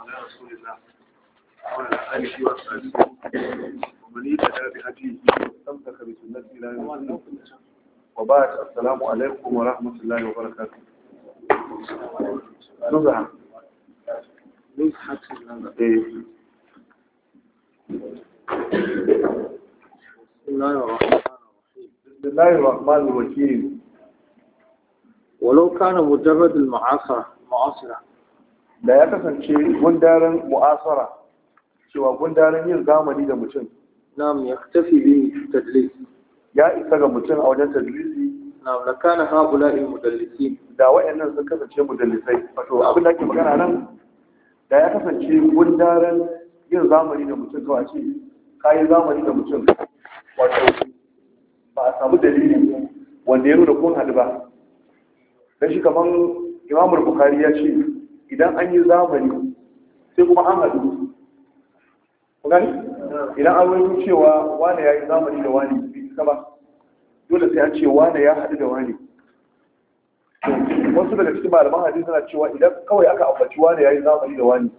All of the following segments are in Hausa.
على رسول الله ومن إلى وبعد السلام عليكم ورحمة الله وبركاته نزعة نزعة إيه. بسم الله الرحمن الرحيم بسم الله الرحمن الرحيم ولو كان مجرد المعاصرة معاصرة da ya kasance gundarin mu'asara cewa gundarin yin zamani da mutum nam ya tafi bi tadlis ya isa ga mutum a wajen tadlisi nam la kana haula il mudallisi da wayannan sun kasance mudallisai wato abin da ake magana nan da ya kasance gundarin yin zamani da mutum kawai ce kayan zamani da mutum wato ba a samu dalili wanda ya nuna kun hadu ba dan shi kaman imamul bukhari ya ce idan an yi zamani sai kuma an haɗu gani idan an wani cewa wane ya yi zamani da wane bai isa ba dole sai an ce wane ya haɗu da wane wasu daga cikin malaman hadin suna cewa idan kawai aka ambaci wane ya yi zamani da wane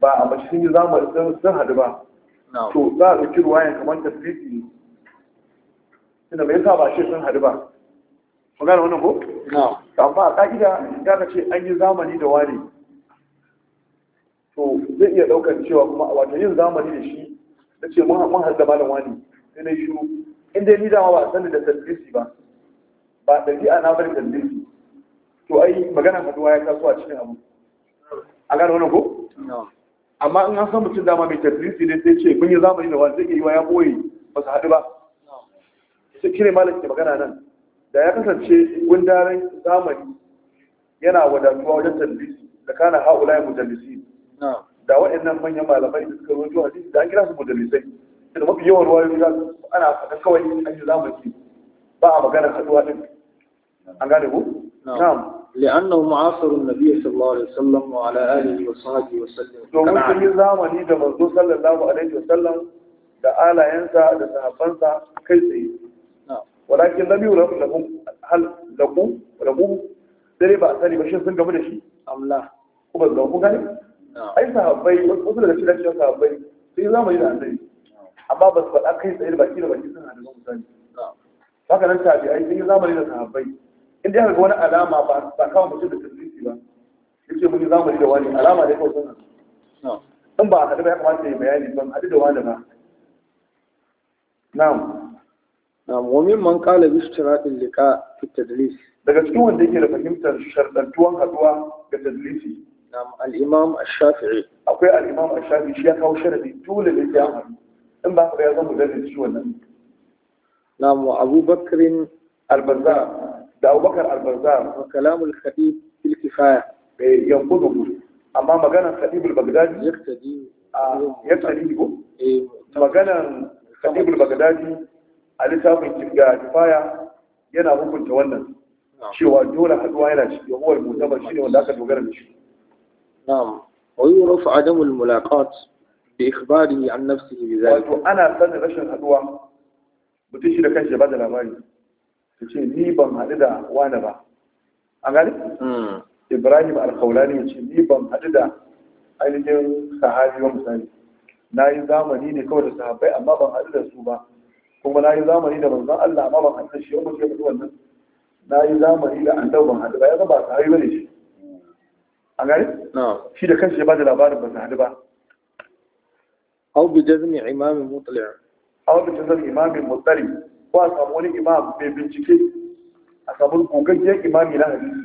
ba a ambaci sun yi zamani sun haɗu ba to za a ɗauki ruwayan kamar fi ne tunda mai sa ba shi sun haɗu ba ku wannan ko amma a ƙa'ida da ka ce an yi zamani da wani to zai iya ɗaukar cewa kuma a wata yin zamani da shi na ce mun ba da malam wani sai na shiru Inda ni dama ba a sani da tattalisi ba ba a na bari tattalisi to ai magana faduwa ya taso a cikin abu a gada wani ko amma in an san mutum dama mai tattalisi ne sai ce mun yi zamani da wani zai iya yi wa ya boye ba su haɗu ba sai kire malam magana nan da ya kasance gundaren zamani yana wadatuwa wajen talbisi da kana haula ya mujallisi da waɗannan manyan malamai da suka rubuta hadisi da an kira su mujallisai da mafi yawan ruwayoyi za ana faɗa kawai an yi zamani ba a magana haɗuwa ɗin an gane ku na'am لأنه معاصر النبي صلى الله عليه وسلم وعلى آله وصحبه وسلم domin sun yi zamani da manzo sallallahu alaihi wasallam da alayensa da sahabbansa kai tsaye walakin lam yurab lahum hal lagu lagu dare ba a sani ba shi sun gamu da shi amla ko ba zama ku gani ai sahabbai wasu daga cikin cikin sahabbai mu yi da annabi amma ba su faɗa kai tsaye da baki da baki sun hada mu sani haka nan tabi'ai sun yi zamani da sahabbai in dai ga wani alama ba ba kawo mutum da tasiri ba yace mun yi zamani da wani alama da kawai sun hada in ba a hadu ba ya kamata ya bayani ban hadu da wani ba na'am نعم ومن من قال باشتراط اللقاء في التدليس daga cikin wanda yake da fahimtar sharɗantuwan haɗuwa ga tadlisi نعم الإمام الشافعي اوكي الإمام الشافعي شيء كاو شرعي طول الإجابة إن بقى رياضة مدرس شو نعم وأبو بكر البزار ده أبو بكر البزار وكلام الخطيب في الكفاية إيه، ينقضه أما مجانا الخطيب البغدادي يقتدي آه يقتدي به إيه، مجانا الخطيب البغدادي a littafin kirga kifaya yana hukunta wannan cewa dole haduwa yana ciki yawar mutabar shi ne wanda aka dogara da shi na'am Adamu yurafu adamul mulaqat bi ikhbarihi an nafsi bi zalika wato ana sanin rashin haduwa mutum shi da kanshi ba da labari ta ce ni ban haɗu da wani ba a gani ibrahim alkaulani ya ce ni ban haɗu hmm. da ainihin sahabi wa misali na yi zamani ne kawai da sahabbai amma ban haɗu da su ba kuma na yi zamani da manzan Allah ma ban haɗa shi yau ke faɗi wannan na yi zamani da an ban haɗu ba ya zama ba haɗu bane shi a gari? shi da kanshi ya ba da labarin ban haɗu ba au bi jazmi imamin mutali au bi jazmi imamin mutali ko a samu wani imam mai bincike a samu gogaggen imami na hadisi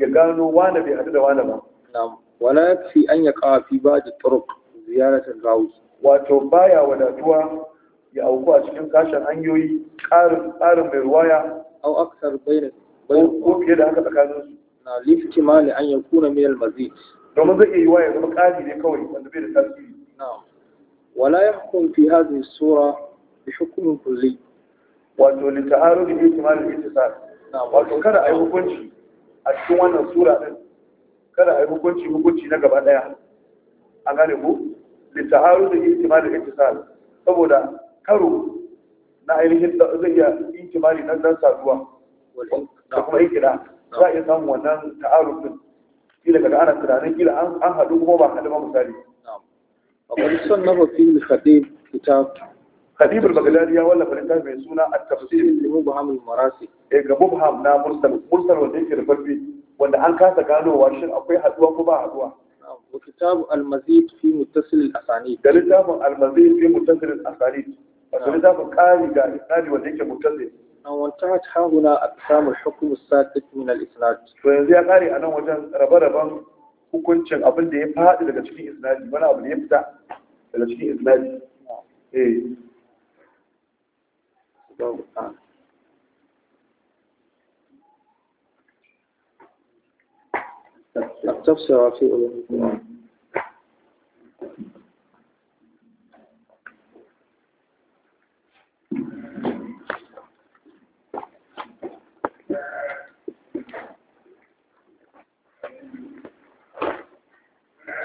ya gano wane bai haɗu da wane ba wala fi an ya kawo fi ba da turuk ziyaratar rawus wato baya wadatuwa ya auku a cikin kashin hanyoyi ƙarin mai ruwaya au aksar bayan ko fiye da haka tsakanin su na lifti ne an yi kuna miyar mazi domin zai iya yi waye zama ƙari ne kawai wanda bai da tasiri wala ya hukun fi hazin sura da hukumin kulli wato li ma bi ihtimal sa na wato kada a yi hukunci a cikin wannan sura din kada a yi hukunci hukunci na gaba daya a gane haru da ta'arud ma ihtimal al sa saboda karo na ainihin zai iya inkimari na dan saduwa da kuma gida. za a iya samun wannan ta'aruf din kila ana tunanin gida an haɗu kuma ba haɗu ba misali akwai son na mafi al-khatib kitab khatib al-baghdadi ya wallafa littafi mai suna at-tafsir li mubham al-marasi eh ga mubham na mursal mursal wanda yake rubabbe wanda an kasa ganowa shin akwai haɗuwa ko ba haɗuwa وكتاب المزيد في متصل الأسانيد ده لتاب المزيد في متصل الأسانيد فلذا فقال الثاني أقسام الحكم الساكت من الإسناد فلذا أنا وجن ربا ربا كون شن أبن دي فهد في أولوه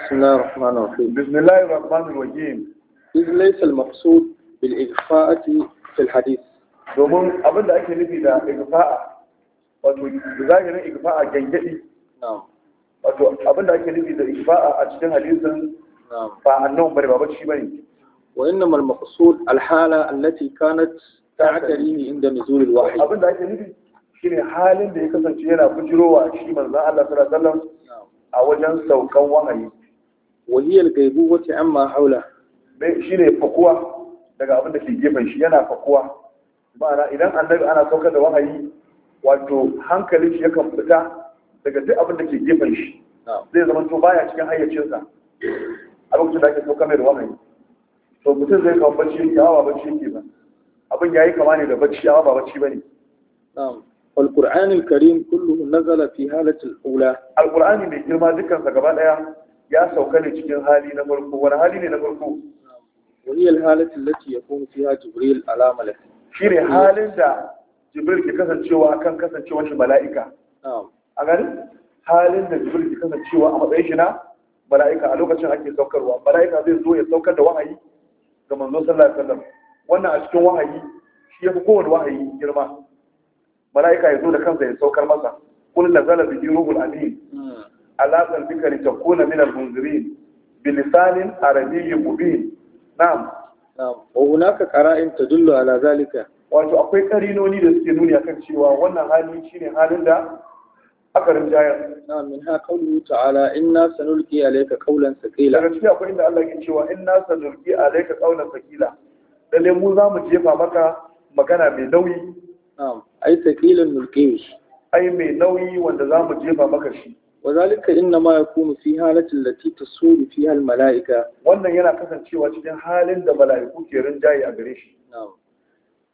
بسم الله الرحمن الرحيم بسم الله الرحمن الرحيم إذ ليس المقصود في الحديث domin abin da ake nufi da igfa'a wato zahirin igfa'a gangadi wato abin da ake nufi da igfa'a a cikin hadisin ba annabi bane ba shi bane wa innama al-maqsud al-hala allati kanat ta'tarihi inda nuzul al abin da ake nufi shine halin da ya kasance yana bujirowa shi manzon Allah sallallahu alaihi wasallam a wajen saukan wahayi wahiyar gaibu wacce an ma haula shi ne fakuwa daga abin da ke gefen shi yana fakuwa ma'ana idan annabi ana saukar da wahayi wato hankalin shi yakan fita daga duk abin da ke gefen shi zai zama to baya cikin hayyacinsa a lokacin da ake saukar mai da wahayi to mutum zai kawo bacci yake hawa bacci yake ba abin ya yi kama ne da bacci hawa ba bacci ba ne والقرآن الكريم كله نزل في هالة الأولى القرآن من إرما gaba سقبال ya sauka ne cikin hali na farko wani hali ne na farko wahiyar halatin lati ya kuma fiya jibril ala shi ne halin da jibril ke kasancewa kan kasancewa shi mala'ika a gani halin da jibril ke kasancewa a matsayin shi na mala'ika a lokacin ake saukarwa mala'ika zai zo ya saukar da wahayi ga manzon sallallahu alaihi wasallam wannan a cikin wahayi shi ya fi kowane wahayi girma mala'ika ya zo da kansa ya saukar masa kullu lazala bi ruhul amin ala qalbika litakuna min al-munzirin bilisanin arabiyyin mubin na'am wa hunaka qara'in tadullu ala zalika wato akwai karinoni da suke nuni akan cewa wannan hali shine halin da aka rinjayar na'am min ha qawlu ta'ala inna sanulqi alayka qawlan thaqila daga cikin akwai inda Allah ke cewa inna sanulqi alayka qawlan thaqila lalle mu za mu jefa maka magana mai nauyi na'am ai thaqilan nulqi ai mai nauyi wanda za mu jefa maka shi وذلك إنما يكون في حالة التي تسود فيها الملائكة wannan yana kasancewa cikin halin da mala'iku ke rinjaye a gare shi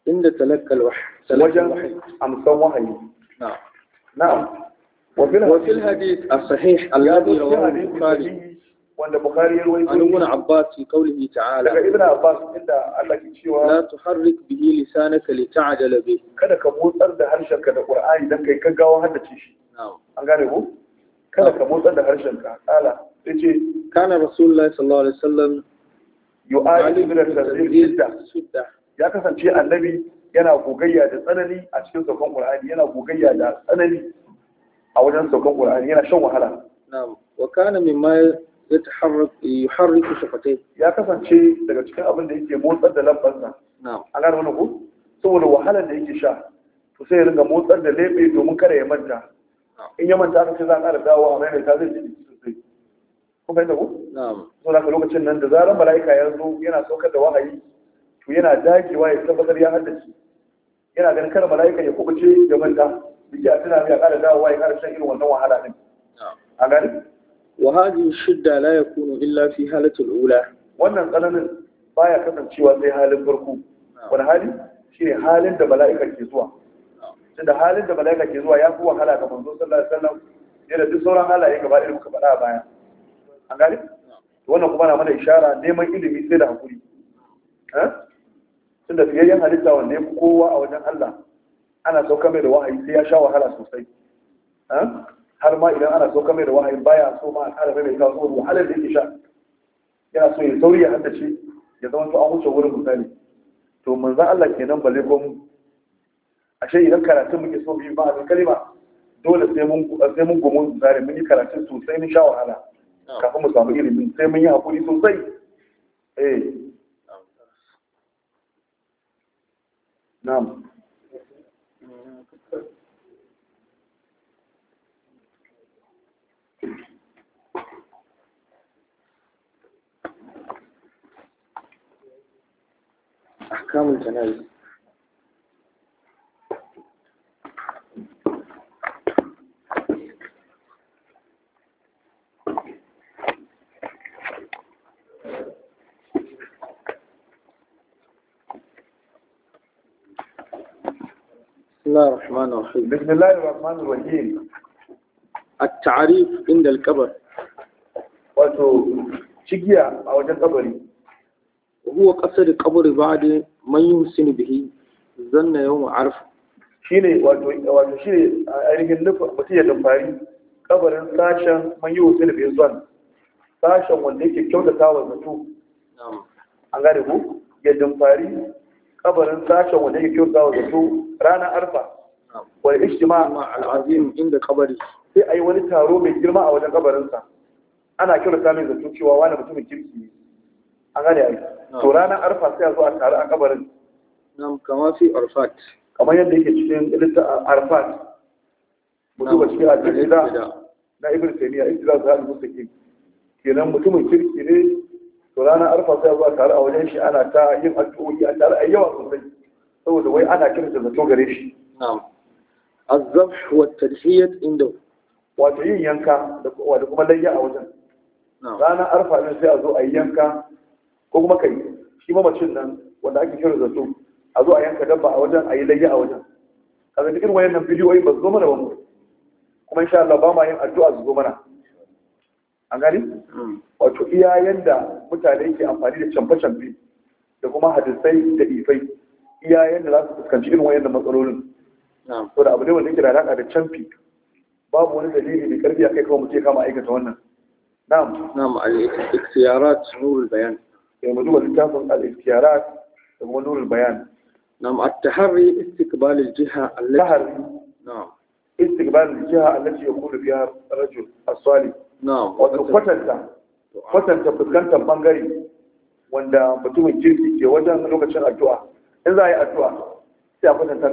inda talakkal wajen amsan wahayi na'am na'am وفي الحديث الصحيح الذي رواه البخاري wanda Bukhari ya rawaito an ibn Abbas fi qawlihi ta'ala daga ibn Abbas inda Allah ke cewa la tuharrik bihi lisanaka li ta'jala bih kada ka motsar da harshenka da Qur'ani dan kai gaggawa kada ka motsar da harshen ka kala sai ce kana rasulullahi sallallahu alaihi wasallam yu'ali bi tasdid sudda ya kasance annabi yana gogayya da tsanani a cikin saukan qur'ani yana gogayya da tsanani a wajen saukan qur'ani yana shan wahala na'am wa kana mimma yataharrak yuharriku shafatai. ya kasance daga cikin abin da yake motsar da lambarsa na'am an gane wannan ko saboda wahalar da yake sha to sai ya ringa motsar da lebe domin kada ya manta in ya manta aka ce za a ƙara dawo a maimaita zai ji jiki sosai kun fahimta ko so ka lokacin nan da zarar mala'ika ya zo yana saukar da wahayi to yana dagewa ya tabbatar ya haddace yana ganin kada mala'ika ya kubuce ya manta biki a tuna ya ƙara dawowa ya ƙara shan irin wannan wahala din a gani wa shidda la yakunu illa fi halati ula wannan tsananin baya kasancewa sai halin farko wani hali shine halin da mala'ikar ke zuwa tunda halin da malaika ke zuwa ya fi wahala ga manzo sallallahu alaihi wasallam da duk sauran halaye gaba irin muka faɗa a baya an gani wannan kuma na mana ishara neman ilimi sai da hakuri eh? tunda fiyayyen halitta wanne ku kowa a wajen Allah ana sauka mai da wahayi sai ya sha wahala sosai eh? har ma idan ana sauka mai da wahayi baya so ma a ƙara mai kawo saboda wahalar da yake sha yana so ya sauri ya haddace ya zama to an wuce wurin misali to manzan Allah kenan ba zai komu ashe idan karatun muke so biyu ba a kalima dole sai mun gomon mun zare mun yi karatun sosai mun sha wahala kafin mu samu ilimin sai mun yi hakuri sosai eh na'am أحكام الجنائز الله الرحمن الرحيم بسم الله الرحمن الرحيم التعريف عند القبر wato cigiya a wajen kabari huwa kasar kabari ba da man yi bihi zanna yawan arf shine wato wato shine ainihin nufin mutum ya dumfari kabarin sashen man yi husini bihi zan sashen wanda yake kyautata wa zato an gane ku ya dumfari kabarin sashen wanda yake kyauta wa zato ranar arfa wani ishtima al'azim inda kabari sai a yi wani taro mai girma a wajen kabarinsa ana kyauta mai zato cewa wani mutumin kirki ne a gane a yi to ranar arfa sai a zo a taru a kabarin nam kama fi arfat kamar yadda yake cikin a arfat mutum a cikin al na ibn taymiya ibn taymiya kenan mutumin kirki ne to ranar arfa sai zuwa tare a wajen shi ana ta yin addu'o'i a tare a yawa sosai saboda wai ana kira da zato gare shi na'am azzabh wa tadhiyat inda wato yin yanka da kuma layya a wajen ranar arfa ne sai a zo a yi yanka ko kuma kai shi mamacin nan wanda ake kira zato a zo a yanka dabba a wajen a yi layya a wajen kaga dukkan wayannan bidiyoyi ba su zo mana ba mu kuma insha Allah ba ma yin addu'a su zo mana an gani hmm. wato iya yadda mutane ke amfani da canfe-canfe da kuma hadisai da ifai iya yadda za su fuskanci irin wayan da matsalolin so da abu ne wanda yake da alaƙa da camfi babu wani dalili mai karfi a kai kawai mutum kama aikata wannan na'am na'am al-ikhtiyarat nurul bayan ya eh, mu duba da kuma nurul bayan na'am at istiqbal jiha allati na'am istiqbal al-jiha allati wato kwatanta kwatanta fuskantar bangare wanda mutumin jirgi ke wajen lokacin addu'a in za a yi addu'a sai a kwatanta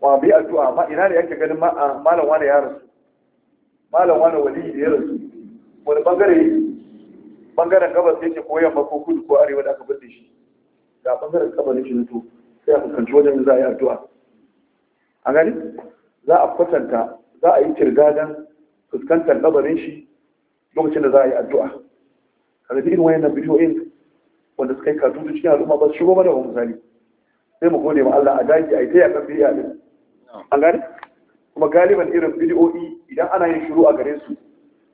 to a bi addu'a ma ina ne yake ganin malam wani ya rasu malam wani wali da ya rasu wani bangare bangaren gabas yake koyon yamma ko kudu ko arewa da aka bude shi Da bangaren ne shi to sai a fuskanci wajen za a yi addu'a a gani za a kwatanta za a yi kirgadan fuskantar gabarin shi lokacin da za a yi addu'a kaga irin wayannan bidiyoyin wanda suka yi da cikin al'umma ba su shigo mana ba misali sai mu gode ma Allah a daji a yi ta yakan bidiya din an gane kuma galiban irin bidiyoyi idan ana yin shiru a gare su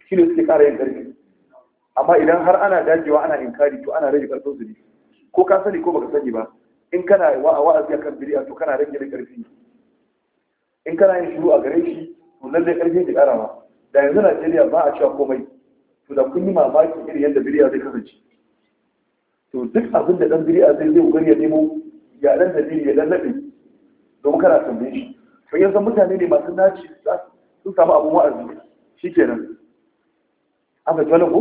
shi ne suke ƙara yin ƙarfi amma idan har ana dajewa ana inkari to ana rage ƙarfin su ne ko ka sani ko baka sani ba in kana wa wa'azi akan bidiya to kana rage da ƙarfi in kana yin shiru a gare shi to lallai karfi ke ƙara da yanzu Najeriya ba a cewa komai to da kun yi mamaki irin yadda biriya zai kasance to duk abin da dan birya zai zai gari ya nemo ya dan da birya ya lallabe domin kana tambaye shi to yanzu mutane ne masu naci sun samu abun wa'azi shikenan aka jwala ko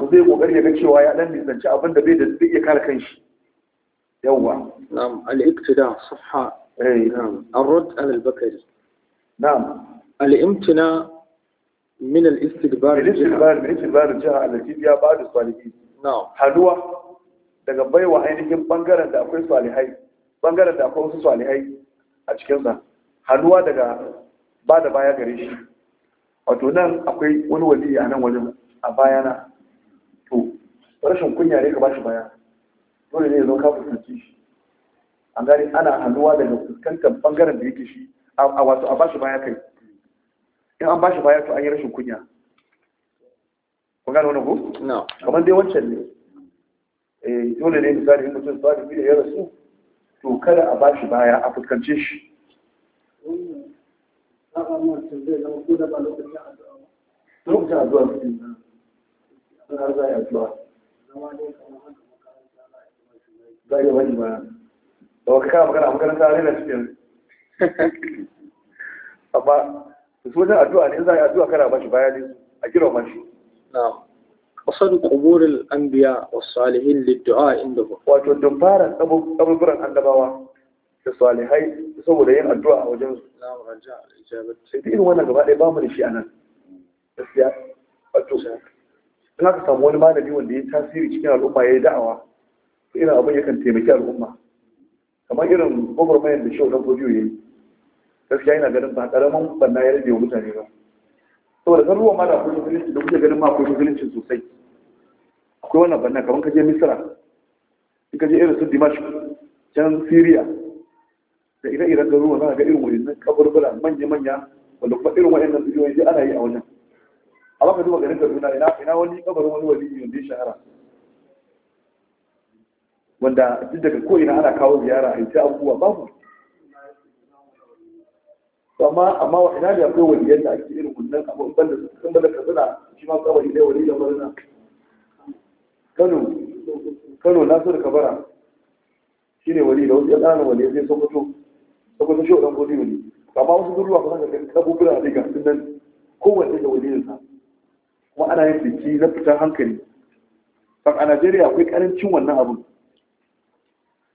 to zai kokari ya ga cewa ya dan nisanci abin da bai da zai iya kare kanshi yawwa na'am al iktida safha eh na'am ar-rad al-bakari na'am al-imtina من الاستدبار الاستدبار من استدبار الجهة التي فيها بعض daga baiwa ainihin bangaren da akwai salihai bangaren da akwai wasu salihai a cikinsa hannuwa daga ba da baya gare shi wato nan akwai wani wali a nan wajen a bayana to rashin kunya ne ka ba shi baya dole ne ya zo ka fuskanci shi gani ana hannuwa daga fuskantar bangaren da yake shi a wato a ba shi baya kai in an bashi baya to an yi rashin kunya kun gano wani ku? kamar dai wancan ne eh, dole ne misali in mutum tsari da ya rasu to kada a bashi baya a fuskance shi lokacin addu'a ba a ba su wajen addu'a ne in za a yi addu'a kana bashi a kira man na kasar kuburin anbiya wa salihin lidu'a inda ba wato dumbara an dabawa da salihai saboda yin addu'a a wajen su na raja ijabata sai irin wannan gaba ɗaya ba mu da shi a nan gaskiya wato Ina aka samu wani malami wanda ya tasiri cikin al'umma ya yi da'awa irin abin yakan taimaki al'umma kamar irin gwagwarmayar da shi gaskiya yana ganin ba karamin banna ya rage mutane ba saboda kan ma da akwai musulunci da kuke ganin ma akwai musulunci sosai akwai wannan banna kamar ka je misira in ka je irin su dimash can siriya da ire-iren garuruwa za ka ga irin waɗannan kaburbura manya-manya wanda kuma irin waɗannan bidiyoyi sai ana yi a wajen a baka duba garin kaduna ina ina wani kabarin wani wali wanda ya shahara wanda duk daga ko ina ana kawo ziyara a yi ta abubuwa babu amma amma wa ina da akwai waliyan da ake irin wannan ban da su kan banda katsina shi ma kawai dai wali da murna Kano Kano na so da kabara shine wali da wasu ya tsana wali sai Sokoto Sokoto shi wadan godiyo ne amma wasu garuruwa kuma da kabubura da ga sunan kowanne da waliyin sa kuma ana yin biki na fitar hankali kan a Najeriya akwai karancin wannan abu,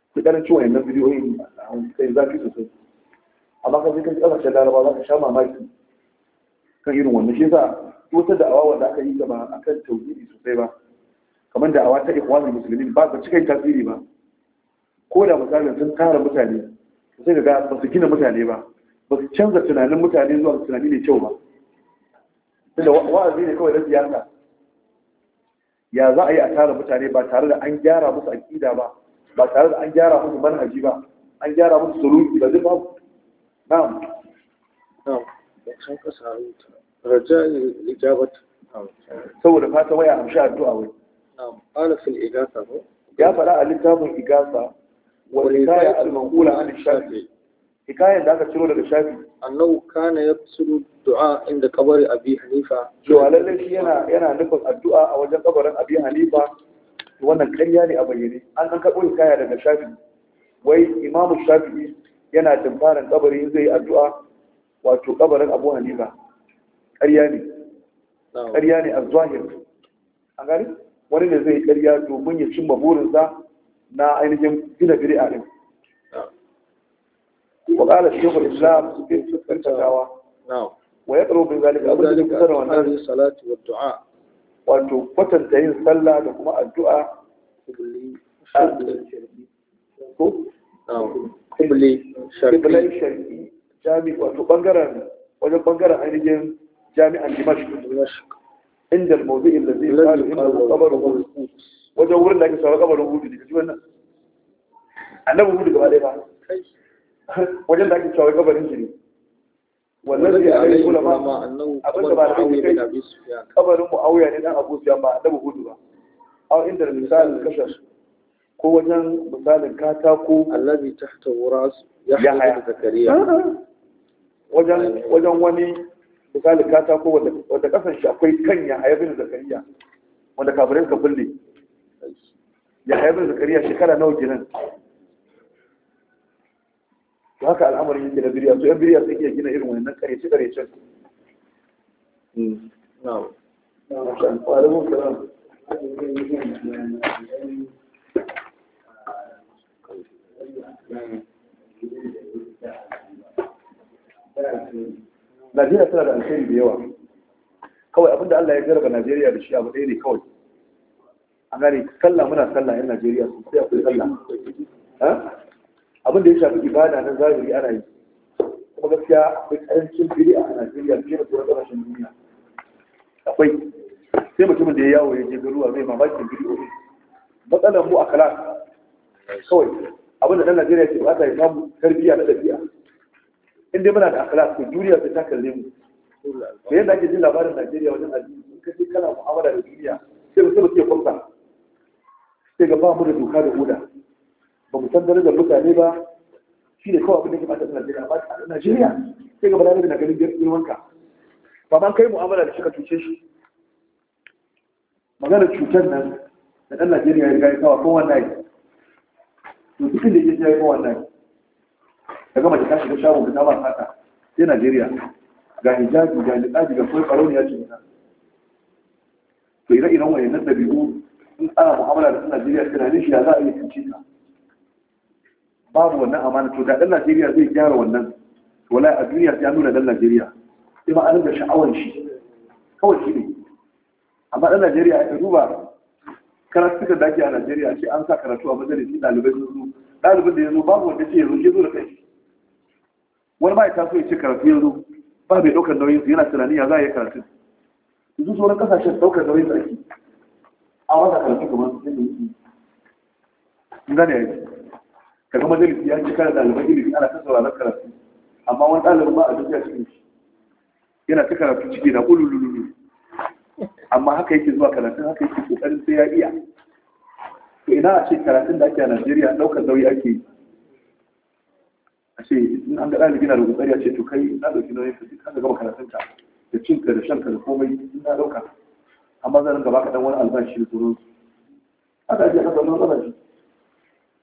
akwai karancin wannan bidiyoyin a hankali zafi sosai amma ka je ka kasashen laraba za ka sha mamaki kan irin wannan shi yasa wata da'awa wanda aka yi gaba kan tauhidi sosai ba kamar da'awa ta ikhwanul muslimin ba ta cika tasiri ba ko da misalin sun tara mutane sai ka ga ba su gina mutane ba ba su canza tunanin mutane zuwa tunani mai kyau ba tunda wa'azi ne kawai na siyasa ya za a yi a tara mutane ba tare da an gyara musu aƙida ba ba tare da an gyara musu manhaji ba an gyara musu suluki ba zai babu na'am da raja saboda waya addu'a na'am ya a littafin al shafi aka ciro daga shafi annahu kana yaqsidu du'a inda qabri yana nufin addu'a a wajen kabarin wannan ƙarya ne a bayyane an an karɓo hikaya daga shafi wai imamu shafi'i yana tunkaran kabari zai yi addu'a wato kabarin abu hanifa ƙarya ne ƙarya ne a zahir a gari wani ne zai ƙarya domin ya cimma burinsa na ainihin gina bid'a din wa qala shaykhul islam su fi tsantawa wa yaqru bin zalika abin da kusa da wannan salatu wa du'a wato kwatanta yin sallah da kuma addu'a ko kubule sharfi, jami'a. wato bangaren wajen bangaren ainihin jami'an dimashq inda al-mawdu'in da zai kalu inda kabarin hudu wajen wurin da ake sauran kabarin hudu da ji wannan annabi hudu gaba ɗaya ba wajen da ake sauran kabarin shi ne wannan da ya yi kula ma abin da ba da aure kai kabarin mu'awiya ne dan abu siyan ba annabi hudu ba A inda misali kashar ko wajen misalin katako allazi tahta wuras yahya zakariya ah, ah. wajen wajen wani misalin katako wanda kasan shi akwai kan yahya da zakariya wanda kafirin ka bulle yahya da zakariya shekara nawa kenan Su haka al'amarin yake na biriya su yan biriya sun iya gina irin wannan karece karecen hmm. na'am na'am wa alaikum Najeriya tana da alheri da yawa kawai abinda Allah ya jarraba Najeriya da shi abu ɗaya ne kawai a gane sallah muna sallah yan Najeriya sosai akwai sallah Abinda da ya shafi ibada na zahiri ana yi kuma gaskiya akwai ƙarancin bid'a a Najeriya fiye da sauran ƙasashen duniya akwai sai mutumin da ya yawo ya je garuwa zai mamakin bid'o'i matsalar mu a kalas kawai abinda ɗan Najeriya ke ta yi samu tarbiyya na ɗabi'a in dai muna da akhlaq to duniya sai ta kalle mu to yadda ake jin labarin Najeriya wajen addini in ka je kana mu'amala da duniya sai ba sabu ke kwamfa sai ga ba mu da doka da oda ba mu san darajar mutane ba shi ne kawai abin da ke bata Najeriya ba a Najeriya sai ga balaga da ganin girmanka ba man kai mu'amala da shi ka cuce shi maganar cutar nan da ɗan Najeriya ya gani kawai kowanne to da inda yake ya yi wannan daga mace ta shiga shagon ta ba sata sai Najeriya ga hijabi ga niqabi ga kuma tsaro ne ya ce ta to ire iren wayannan dabi'u in ana mu'amala da Najeriya tunanin shi ya za a yi cuci ta babu wannan amana to da dan Najeriya zai gyara wannan wala a duniya ya nuna ɗan Najeriya sai ma an da sha'awar shi kawai shi ne amma ɗan Najeriya ya duba karatu da dake a Najeriya ce an sa karatu a majalisi dalibai sun zo ɗalibin da ya zo babu wanda ce ya zo ya zo da kai wani ma ya taso ya ce karatu ya zo ba mai ɗaukar nauyin su yana tunani ya za a yi karatu yanzu sauran ƙasashen ɗaukar nauyin su ake a wata karatu kamar su yadda yake Zane ya yi kaga majalisi ya ci kare ɗaliban ilimi ana ta na karatu amma wani ɗalibin ba a duk ya cikin shi yana ta karatu ciki na ƙululululu amma haka yake zuwa karatun haka yake ƙoƙarin sai ya iya to ina a ce karatun da ake a Najeriya ɗaukar nauyi ake yi a ce in an ga ɗalibi na da gutsari a ce to kai na ɗauki nauyin ka duk ka gama karatunka da cin ka da shan ka da komai in na ɗauka amma zan gaba ka ɗan wani albashi da tsoron su haka ake haka wani albashi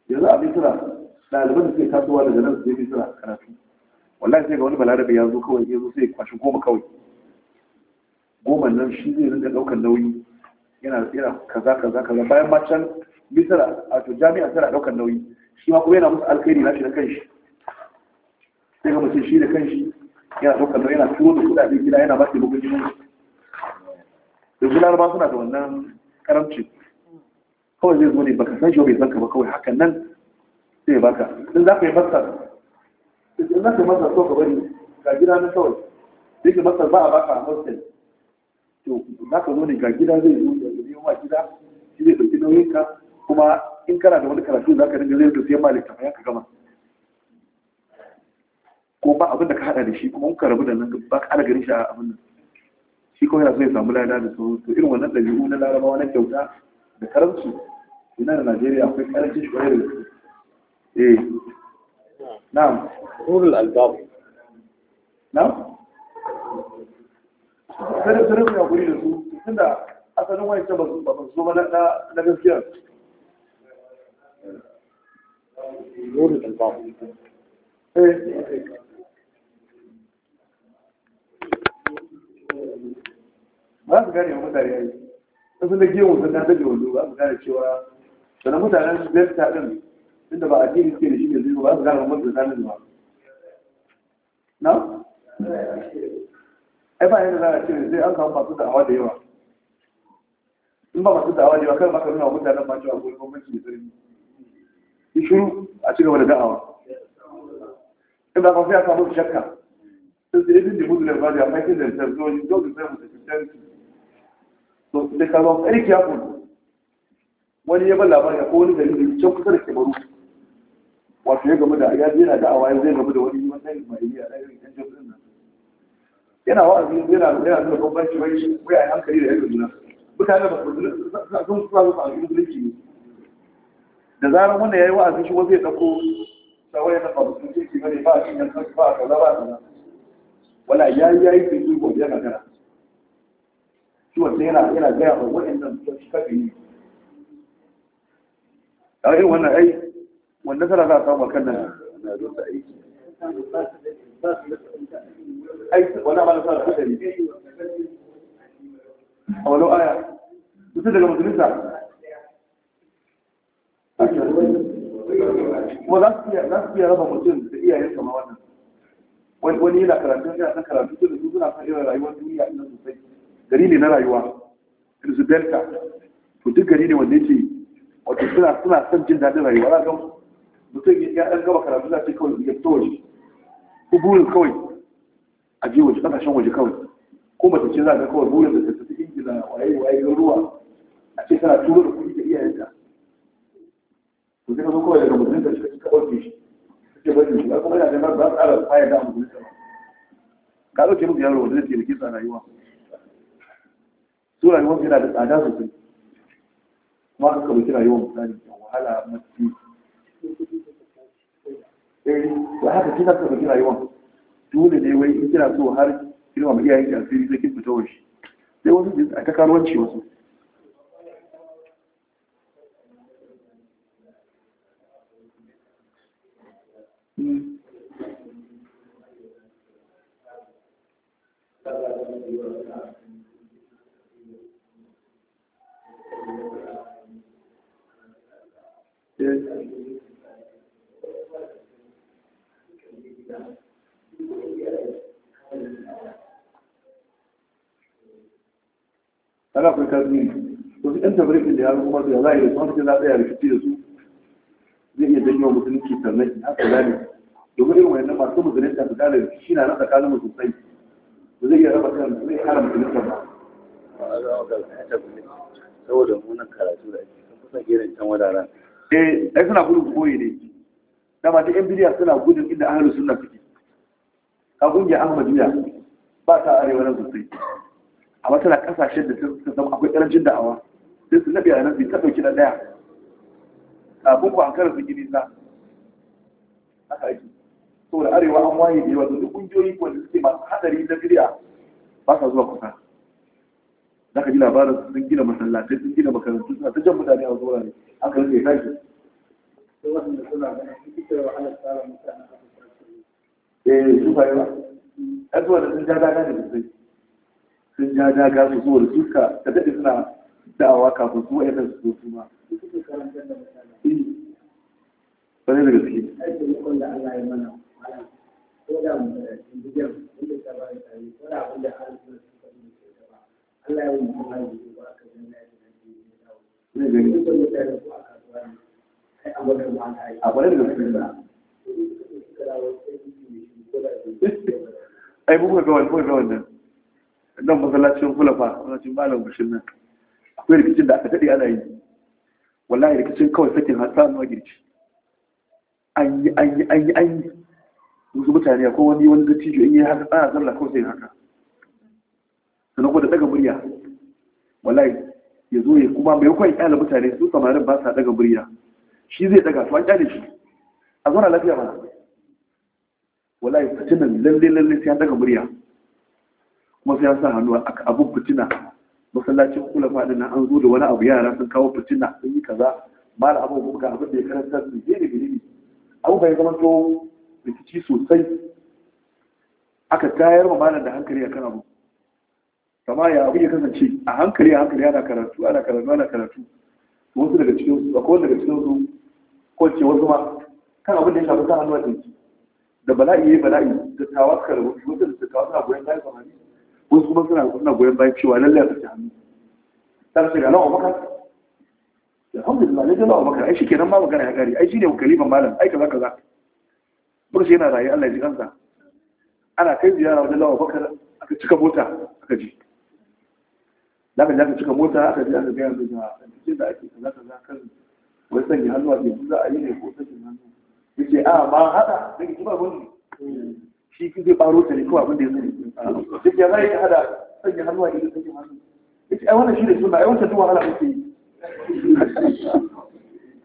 yanzu a misira ɗaliban da suke tasowa daga nan su je misira karatu wallahi sai ga wani balarabe ya zo kawai ya zo sai kwashi goma kawai goma nan shi zai rinka ɗaukar nauyi yana kaza kaza kaza bayan ma can misra a to jami'a tana daukar nauyi shi ma kuma yana musu alkhairi na shi da kanshi sai ga mutum shi da kanshi yana daukar nauyi yana turo da kudade gida yana ba shi bugun jinin da zuwa ba suna da wannan karamci kawai zai zo ne baka san shi bai san ba kawai hakan nan sai baka in za ka yi masa in za ka yi masa so ka bari ga gida na kawai sai ka masa ba a baka a hostel to za ka zo ne ga gida zai zo da yawa gida shi zai ɗauki nauyin ka kuma in kana da wani karatu za ka dinga zai to sai ma ka gama ko ba abin da ka hada da shi kuma ka rabu da nan ba ka ganin shi a abin nan shi kawai yana so ya samu lada da sauran to irin wannan ɗabi'u na larabawa na kyauta da karansu ina da najeriya akwai karancin shi kwarai da gaske eh na'am nurul albab na'am sai da ya guri da su tunda asalin wani su ba su zo ba na gaskiya نور الألباب ba su gane mutane ya yi sun da giyan wasan ta daga wanzu ba su gane cewa sannan mutanen su zai ta ɗin inda ba addini jini suke da shi da zuwa ba su gane mamar da zanen zuwa na? ai ba yadda za a ce sai an kawo masu da'awa da yawa in ba masu da'awa da yawa kan maka nuna mutanen ma cewa gobe bambanci da sarki yi shuru a ci gaba da da'awa in ba kawai a samu shakka sun sai ibin da mutu da ba da makin da ta zo yau da sai mutu da to da ka zama tsari ya kudu wani ya ban labari ko wani gari da can kusa da kebaru wato ya gamu da ya je na da'awa ya zai gamu da wani wannan ismaili a ɗayan yan jirgin nan yana wa'azi yana yana nuna bambanci wai wai a hankali da yan jirgin nan mutane ba su sun zuwa zuwa a cikin mulki ne da zarar wanda ya yi wa'azi shi wasu ya ɗauko tsawon yana faru sun kirki bane ba a cin yan sarki ba a kaza ba a kaza wala ya yi ya yi sun yi gobe yana gana shi wanda yana yana gaya nan waɗannan shi kafin yi a yi wannan ai wanda tana za a samu kan nan na zo ta aiki ai wani ma na sa su da ne a wani aya mutum daga musulunta kuma za su iya raba mutum da iyayen kama wannan wani yana karatu yana san karatu sai da su suna san irin rayuwar duniya ina sosai gari ne na rayuwa irin su delta to duk gari ne wanda yake wato suna suna son jin daɗin rayuwa za ga mutum ya ɗan gaba karatu za ce kawai ya fito waje ko burin kawai a je waje ƙasashen waje kawai ko mace ce za ga kawai burin da ta tafi ingila waye waye ruwa a ce tana turo da kuɗi da iyayenta ku zika zo kawai daga musulunta shi suka ɗauke shi suke bari shi kuma yana neman ba tsara fayar a musulunta ba ka ɗauke biyar yaro wanda zai taimake su a rayuwa su rayuwar yana da tsada sosai kuma aka ɗauki rayuwa misali da wahala mace eh ba haka kina ka ɗauki rayuwa. dole ne wai in kina so har kina ma iyayen ki asiri zai kin fita wa sai wasu a ta karuwanci wasu ana farkar ne wasu ɗan tabbarikin da ya rubu yi wasu a rikici da su zai iya janyo haka zane domin irin wayannan masu a na na tsakanin musulunci zai iya raba zai haramta nufin ba saboda munan karatu da ake kan kusan irin can wadara eh ai suna gudun koyi ne dama da yan bidiya suna gudun inda ahlus sunna a ba ta arewa na sosai amma tana kasashen da ta zama akwai karancin da'awa sai su ta dauki na daya kafin ku an haka saboda arewa an waye da yawa duk kungiyoyi da suke masu hadari na bid'a ba sa zuwa kusa za ka ji labarin sun gina masallatai sun gina makarantu suna ta jan mutane a wasu wurare an kan rage tashi eh su fa yawa ai zuwa da sun ja daga da sosai sun ja daga su zuwa da suka ta daɗe suna da'awa kafin su wa'yan su zo su ma. Bane eh, da gaske. Aikin da Allah ya mana. ko da bidiyon wanda ta ba ta yi ko da abin da su ka yi Allah ya yi yi ba ka Ne da yi ko a ne kai ba ta yi. A da Ai ga wani ga wannan. masallacin kulafa, masallacin malam nan. Akwai rikicin da aka daɗe ana yi. Wallahi rikicin kawai sakin hasa ma girki. An yi an yi an yi an yi. wasu mutane ko wani wani dattijo in yi haka tsara zalla kawai sai haka sannan ko da daga murya wallahi ya zo ya kuma mai kwan kyala mutane su samarin ba sa daga murya shi zai daga su an kyale shi a zuwa lafiya mana wallahi fitinan lalle lalle sai an daga murya kuma sai an sa hannu a abin fitina masallacin kula faɗin nan an zo da wani abu yara sun kawo fitina sun yi kaza mala abu ga abin da ya karanta su je da gidi abu ya zama to rikici sosai aka tayar wa malam da hankali a kan abu kama ya abu ya kasance a hankali a hankali ana karatu ana karatu ana karatu wasu daga cikin su akwai daga cikin su ko ce wasu ma kan abin da ya shafi kan hannuwa ɗinki da bala'i ya bala'i da tawakar suka rabu wasu da tawakar suna goyon bayan samari wasu kuma suna suna goyon bayan cewa lallai a sake hannu ta ce ga nawa maka alhamdulillah ne ga nawa maka ai shi kenan ma magana ya gari ai shi ne kaliban malam ai kaza kaza burshi yana raye Allah ya ji kansa ana kai ziyara wajen lawa bakar aka cika mota aka ji da aka cika mota aka ji aka gaya da ɗanɗace da ake kaza kaza kan wai sanya hannu a yanzu za a yi ne ko sanya hannu ya ce a ah, ma haɗa da ke kuma abin shi zai ɓaro ta ne abin da ya zai ya ce ya za haɗa sanya hannu a yanzu sanya hannu ya ce ai wannan shi ne suna ai wancan tuwa hala muke yi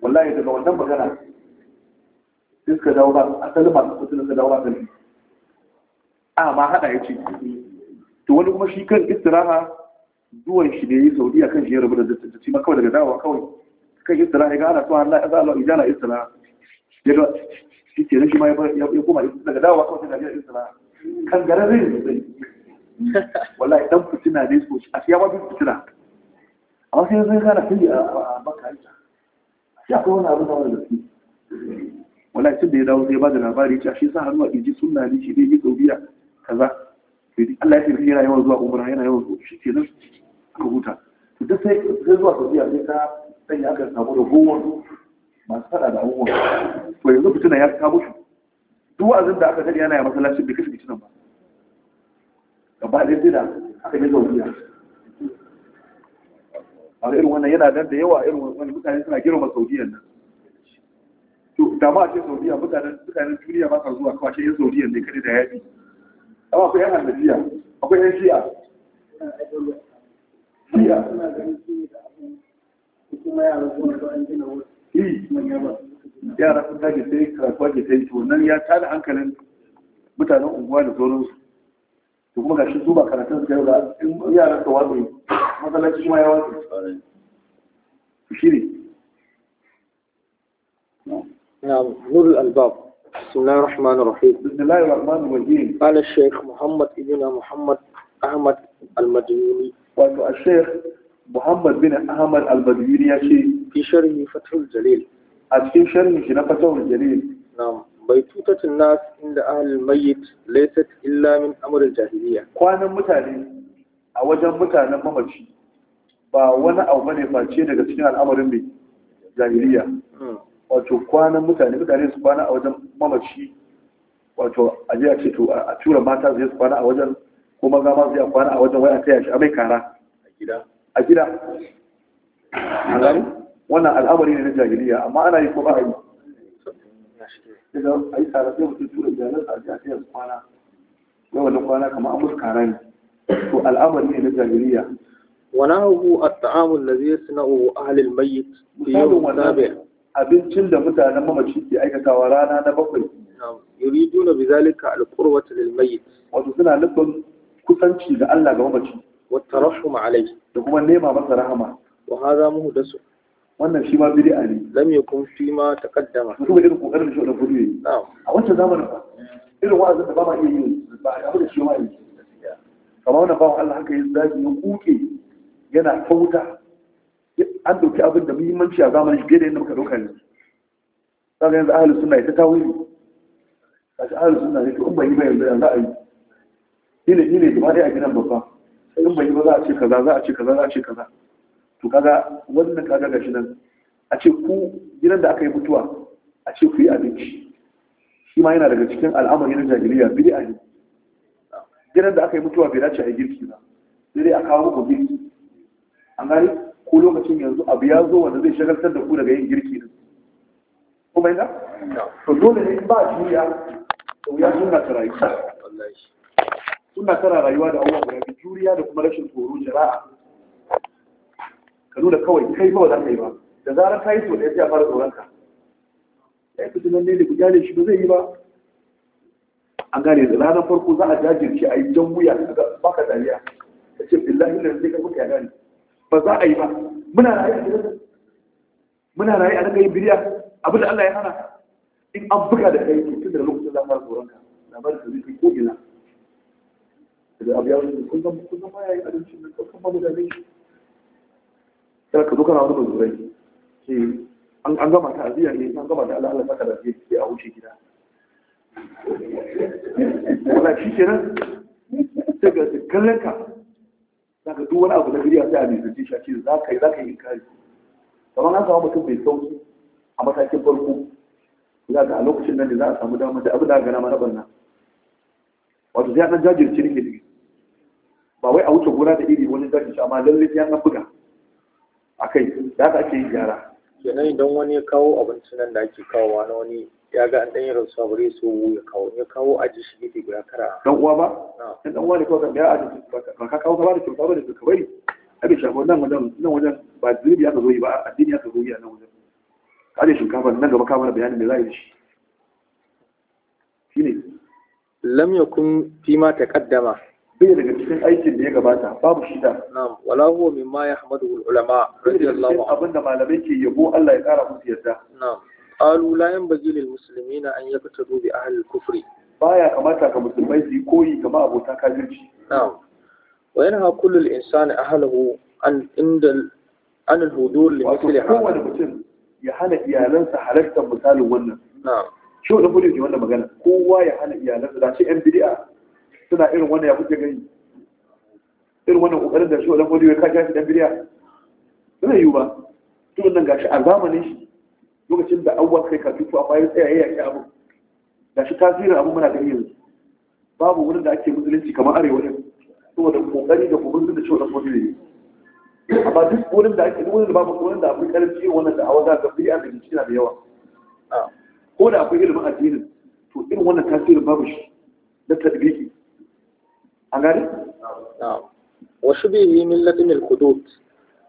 wallahi daga wannan magana sai suka dawo ba asalin masu kusurin suka dawo ba gari a ma haɗa ya ce to wani kuma shi kan istiraha zuwan shi da ya yi saudiya kan shi ya rabu da zattattaci ma kawai daga dawowa kawai kan istiraha ya ga ana so Allah ya za ya ijala istiraha ya ga shi ke shi ma ya koma daga dawowa kawai daga biyar istiraha kan garin zai sosai wallahi dan fitina ne so a siya wani fitina amma sai zai gana fili a baka a shi akwai wani abu da wani gaske wala tun da ya dawo sai ba da labari cewa shi sa hannu a ɗiji suna ne shi ne yi tsobiya kaza Allah ya tafi yana yawan zuwa umra yana yawan zuwa shi ke nan aka huta to duk sai zai zuwa tsobiya zai ka sanya aka samu da gowar masu faɗa da abubuwan to yanzu fitina ya ka mutu duk wa'azin da aka daɗe yana yi masallacin bai kashe fitinan ba gaba ɗaya zai da aka yi tsobiya a irin wannan yana dan da yawa irin wani mutane suna girma saudiyan nan to da ma ce saudiya mutanen mutanen duniya ba sa zuwa kawai yan saudiya ne kare da yafi amma akwai yan annabiya akwai yan shi'a shi'a yara sun dage sai karatuwa ke ta yi to nan ya tada hankalin mutanen unguwa da sauransu to kuma gashi su ba karatun suka yau da in yara ka watsa masallaci shi ya watsa shi ne نعم نور الألباب بسم الله الرحمن الرحيم بسم الله الرحمن الرحيم قال الشيخ محمد ابن محمد أحمد المديني وأنه الشيخ محمد بن أحمد المديني يا شيخ في شرح فتح الجليل أتكين شرح شنا فتح الجليل نعم بيتوتة الناس عند أهل الميت ليست إلا من أمر الجاهلية كوانا متالي أوجه متانا ممشي ba wani abu bane face daga cikin al'amarin mai jahiliya wato kwanan mutane mutane su kwana a wajen mamaci wato a je a ce to a tura mata su kwana a wajen ko maza ma su kwana a wajen wai a taya shi a mai kara a gida a gida wannan al'amari ne na jahiliya amma ana yi ko ba a yi idan a yi tsara sai mutum tura jahilar a ji a taya su kwana wai wannan kwana kamar amur kara ne to al'amari ne na jahiliya ونهه الطعام الذي يصنعه أهل الميت في يوم السابع abincin da mutanen mamaci ke aikatawa rana na bakwai yuriduna bizalika alqurwata lil mayyit wato suna nufin kusanci ga Allah ga mamaci Wata tarahum alai. da kuma nema masa rahama wa hadha su. wannan shi ma a ne lam yakun fi ma taqaddama kuma irin kokarin shi da gudu ne. a wancan zamanin ba irin wa'azin da ba ma iya yi ba a da shi ma yi kamar wannan bawan Allah haka ya zagi ya kuke yana ta an dauki abin da muhimmanci a zamanin fiye da yadda muka dauka yanzu kaga yanzu ahlus sunna ita ta wuri kashi ahlus sunna ne to in bai yi ba yanzu yanzu a yi shine shine gaba dai a gidan babba in bai yi ba za a ce kaza za a ce kaza za a ce kaza to kaga wannan kaga gashi nan a ce ku gidan da aka yi mutuwa a ce ku yi abinci shi ma yana daga cikin al'amari na jahiliya bid'a ne gidan da aka yi mutuwa bai dace a girki ba sai dai a kawo muku girki an gani ko lokacin yanzu abu ya zo wanda zai shagaltar da ku daga yin girki din kuma ina to dole ne ba juriya to ya suna ta rayuwa suna tana rayuwa da Allah guda biyu juriya da kuma rashin tsoro jira'a ka nuna kawai kai ba za ka yi ba da zarar ka yi so da ya fara tsoron ka ya yi fitinan ne da ku gyale shi ba zai yi ba an gane da ranar farko za a jajirce a yi jan wuya ba ka dariya ka ce billahi ne zai ka muka ya gane ba za a yi ba muna raye a gidan muna raye a dangayin yin abinda Allah ya hana in an buga da kai to tun da lokacin za fara tsoron ka labarin da zai ko ina da abu ya wuce kun zama kun zama yayi adalci nan ko kuma mu da zai sai ka zo kana wani mazurai ce an an gama ta aziya ne an gama da Allah Allah saka da zai sai a wuce gida wala shi kenan sai ga kallon ka wani abu na bidiya sai a nisanci shi a ce za ka yi za ka yi inkari kamar na samu mutum mai sauki a matakin farko za ka a lokacin nan da za a samu damar da abin da gana mana barna wato sai an jajirce ne ne ba wai a wuce gona da iri wani jajirce amma lalle sai an buga a kai za haka ake yi gyara kenan idan wani ya kawo abinci nan da ake kawowa na wani ya ga an ɗanyi rasuwa bari ya kawo ya kawo aji shi gefe guda kara dan uwa ba dan uwa ne kawai ya aji ba ka kawo kamar ba da kyauta ba da kyauta bari abin shafa nan wajen nan wajen ba zunubi aka zo yi ba addini aka zo yi a nan wajen ka aje shinkafa nan gaba kamar bayanin da za a yi shi shine lam yakun fi ma taqaddama bai daga cikin aikin da ya gabata babu shi da na'am wala huwa mimma yahmadu ulama radiyallahu anhu abinda malamai ke yabo Allah ya kara musu yarda na'am qalu la yanbaghi lil muslimina an yaqtadu bi ahli al-kufr baya kamata ka musulmai su yi koyi ga abota kafirci na'am wa yanha kullu al-insani ahlihi an inda an al-hudur li mithli hadha kowane mutum ya hana iyalansa halartar misalin wannan na'am shi wannan bude ne wannan magana kowa ya hana iyalansa da shi yan bid'a suna irin wannan ya kuke gani irin wannan kokarin da shi wannan bude ya kaja shi dan bid'a zai yi ba tun nan gashi a zamanin shi lokacin da abubuwan kai kafin a bayan tsaye ya ke abu da shi tasirin abu muna gani yanzu babu wurin da ake musulunci kamar arewa ne saboda kokari da kuma da cewa da kuma ne amma duk wurin da ake wurin da babu wurin da akwai karfi wannan da awa za ka fi da jiki na da yawa ko da akwai ilimin addinin to irin wannan tasirin babu shi na tadbiki an gane wasu bai yi millatin al-hudud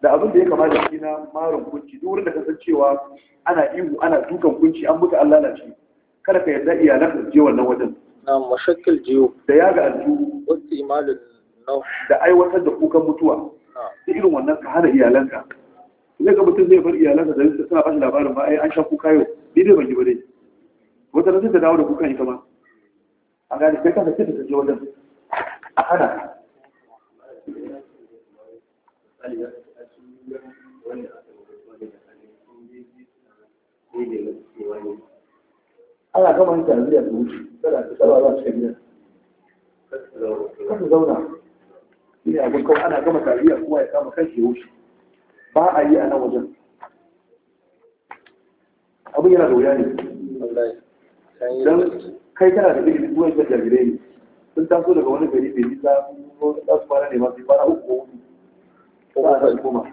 da abin da ya kama da shi na marin kunci duk wurin da ka san cewa ana ihu ana dukan kunci an buga an lalace kada ka yarda iyalan ka je wannan wajen na mashakil jiyo da ya ga aljihu wasu imalin nau da aiwatar da kukan mutuwa da irin wannan ka hana iyalanka zai ga mutum zai bar iyalanka da rinsa suna bashi labarin ba ai an sha kuka yau ni dai ban ji ba dai wata ranar ta dawo da kukan ita ma a gani sai ka sai ta je wajen a hana wanda aka rubuta daga hannun ana gama yin tarbiyyar da wuce tana ta tsara za su shiga gidan kasu zauna shi ne abin kawai ana gama tarbiyyar kuma ya kama kan shi wuce ba a yi a nan wajen abin yana da wuya ne don kai tana da ilimi kuma da jarirai ne sun taso daga wani gari bai nisa ko za su fara ne masu fara uku ko hudu a ba su koma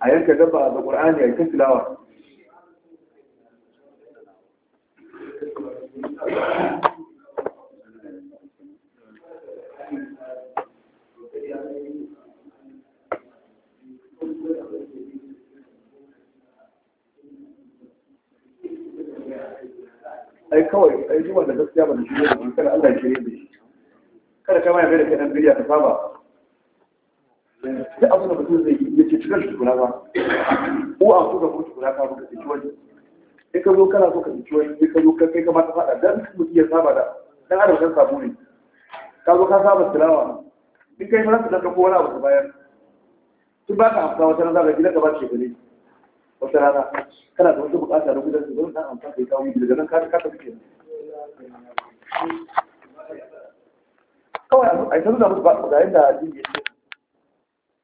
a yanka dabba da ƙur'ani a kan Filawa. ai kawai ai zuwa da gaskiya ba da shi ne da Allah ya yi da shi kai ma ya da kai dan biriya ta saba da abu da mutum zai yi yace cikar shi kula ba ko a kuka ko kula ka ruka ci wani sai ka zo kana so ka ci wani sai ka zo kai kamata mata fada dan mutum iya saba da dan adam kan sabu ne ka zo ka saba tilawa in kai fara da ko wani abu ka bayar tun ba ka amsa wata rana da gida ka ba shekare wata rana kana da wata bukata da gudanar da zan amsa kai kawo daga nan ka ta tafi kenan kawai a ta nuna musu ba ga yadda addini yake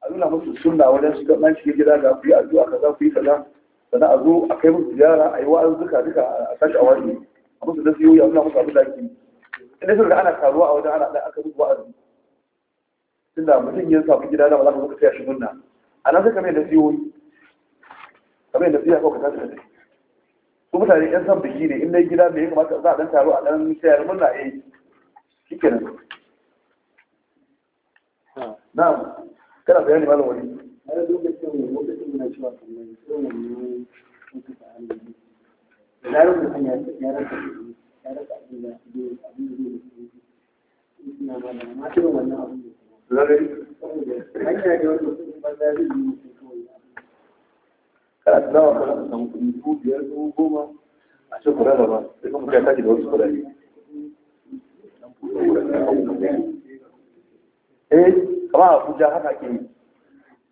a nuna musu sunna wajen shiga nan shiga gida ga ku yi addu'a kaza ku yi kaza sannan a zo a kai musu ziyara a yi wa'azzuka duka a sashi a wani a musu nasiyoyi ya nuna musu abin da ake yi inda ga ana karuwa a wajen ana ɗan aka a wa'azi tunda mutum yin samu gida da ba za ka zo ka shi munna a nan sai ka mai nasiyoyi ka mai nasiya kawai ka tashi ka su mutane yan san biki ne in dai gida ne ya kamata za a dan taro a dan sayar munna eh shikenan na'am ka yi malam wani har lokacin lokacin muna cewa kamar sai wannan mutu ta Allah na rubuta hanya ya rasa ya rasa abin da abin da zai ina ba da ma irin wannan abin da hanya da wani mutum ba za zai yi mutum kawai kana tunawa kana ka samu kuɗi dubu biyar dubu goma a ce kura da ba sai kuma kai tashi da wasu kuɗaɗe eh kama abuja haka ke yi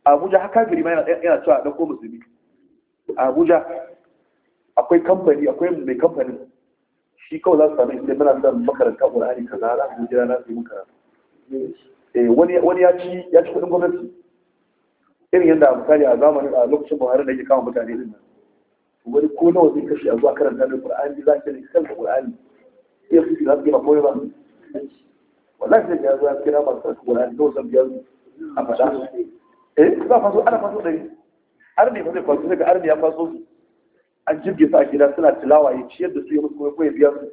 abuja haka gari ma yana cewa ɗauko musulmi abuja akwai kamfani akwai mai kamfanin shi kawai za su sami sai muna son makaranta ƙur'ani kaza za su jira na su yi makaranta eh, wani ya ci ya gwamnati irin yadda misali a zamanin a lokacin buhari da yake kama mutane din nan wani ko nawa zai kashe a zuwa karanta da ƙur'ani za ka ne kanka ƙur'ani iya su za su yi ba ba wallahi sai ya zo ya kira masu karatu Qur'ani ko san biyar a fada eh za faso ana faso ɗari. arni ba zai faso daga arni ya faso su an jirge su a gida suna tilawa ya ciyar da su ya musu ko ya biya su